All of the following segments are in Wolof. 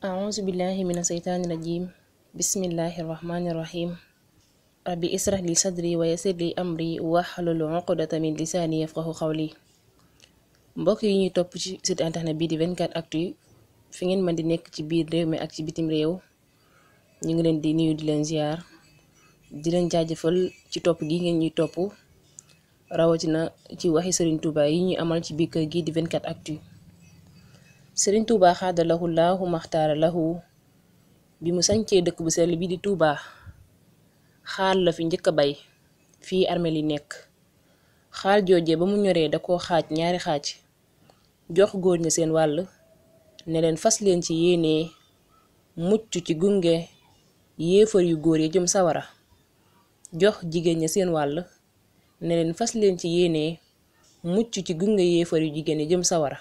أعوذ بالله من الشيطان الرجيم بسم الله الرحمن الرحيم ربي اسرح لي صدري ويسر لي أمري واحلل عقدة من لساني يفقه قولي mbokk yi ñuy topp ci site internet bii di 24 actu fi ngeen mën di nekk ci biir réew mi ak ci bitim réew ñu ngi leen di nuyu di leen ziar di leen jaajëfal ci topp gi ngeen ñuy topp rawatina ci waxi Serigne Touba yi ñu amal ci biir kër gii di 24 actu sëriñ Touba xaadalahu laahu maxtaara lahu bi mu sañcee dëkk bu sell bi di Touba xaar la fi njëkk a bay fii armeel yi nekk xaal jooje ba mu ñoree da koo xaaj ñaari xaaj jox góor ña seen wàll ne leen fas leen ci yéene mucc ci gunge yéefar yu góor yi jëm sawara jox jigéen ña seen wàll ne leen fas leen ci yéene mucc ci gunge yéefar yu jigéen yi jëm sawara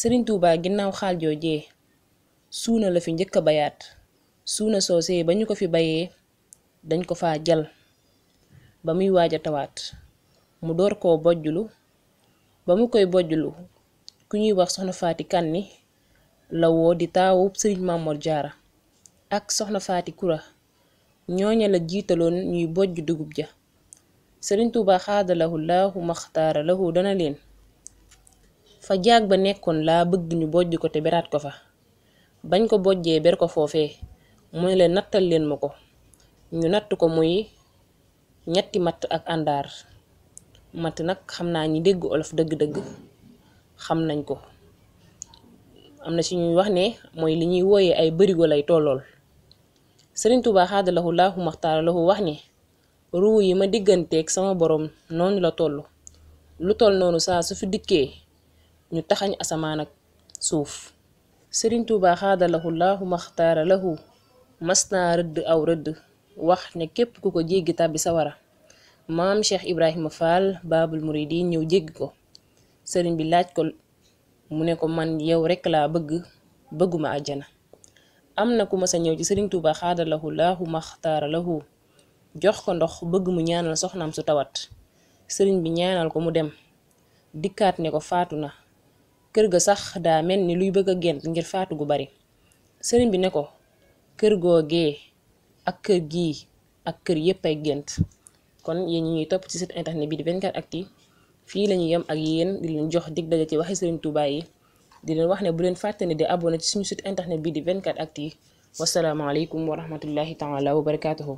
sëriñ Touba ginnaaw xaal joojee suuna la fi njëkk a bayaat suuna soose ba ñu ko fi bayee dañ ko faa jal ba muy waaj a tawaat mu door koo bojjulu ba mu koy bojjulu ku ñuy wax soxna faati kanni lawoo di taawu sëriñ Mamor Jaara ak soxna faati kura ñooña la jiitaloon ñuy bojj dugub ja sëriñ Touba xaadalahu laahu maxtaara lahu dana leen fa jaag ba nekkoon laa bëgg ñu bojj ko te beraat ko fa bañ ko bojjee ber ko foofee mooy ne leen nattal leen ma ko ñu natt ko muy ñetti matt ak àndaar matt nag xam naa ñi dégg olof dëgg-dëgg xam nañ ko am na ci ñuy wax ne mooy li ñuy wooyee ay bërigo lay tollool sëriñ Tuubaa xaadalahu laahu maxtaar lahu wax ne ruu yi ma digganteek sama boroom noonu la toll lu toll noonu saa su fi dikkee ñu taxañ asamaan ak suuf sëriñ tuubaa xaadalahu laahu maxtaara lahu mas rëdd aw rëdd wax ne képp ku ko jéggi tàbbi sawara maam cheikh ibrahima fall baabul muridiin ñëw jéggi ko sëriñ bi laaj ko mu ne ko man yow rekk laa bëgg bëgguma àjjana am na ku mas a ñëw ci sëriñ tuubaa xaadalahu laahu maxtaara lahu jox ko ndox bëgg mu ñaanal soxnaam su tawat sëriñ bi ñaanal ko mu dem dikkaat ne ko faatu na kër ga sax daa mel ni luy bëgg a gént ngir faatu gu bari sëriñ bi ne ko kër googee ak kër gii ak kër yépp ay gént kon yen ñi ñuy topp ci site internet bi di 24actu fii la ñu yem ak yéen di leen jox dig daje ci waxi sëriñ Touba yi di leen wax ne bu leen fàttani di abonné ci suñu site internet bi di 24actu wasalaamaaleykum wa rahmatullahi taala wa barakaatuhu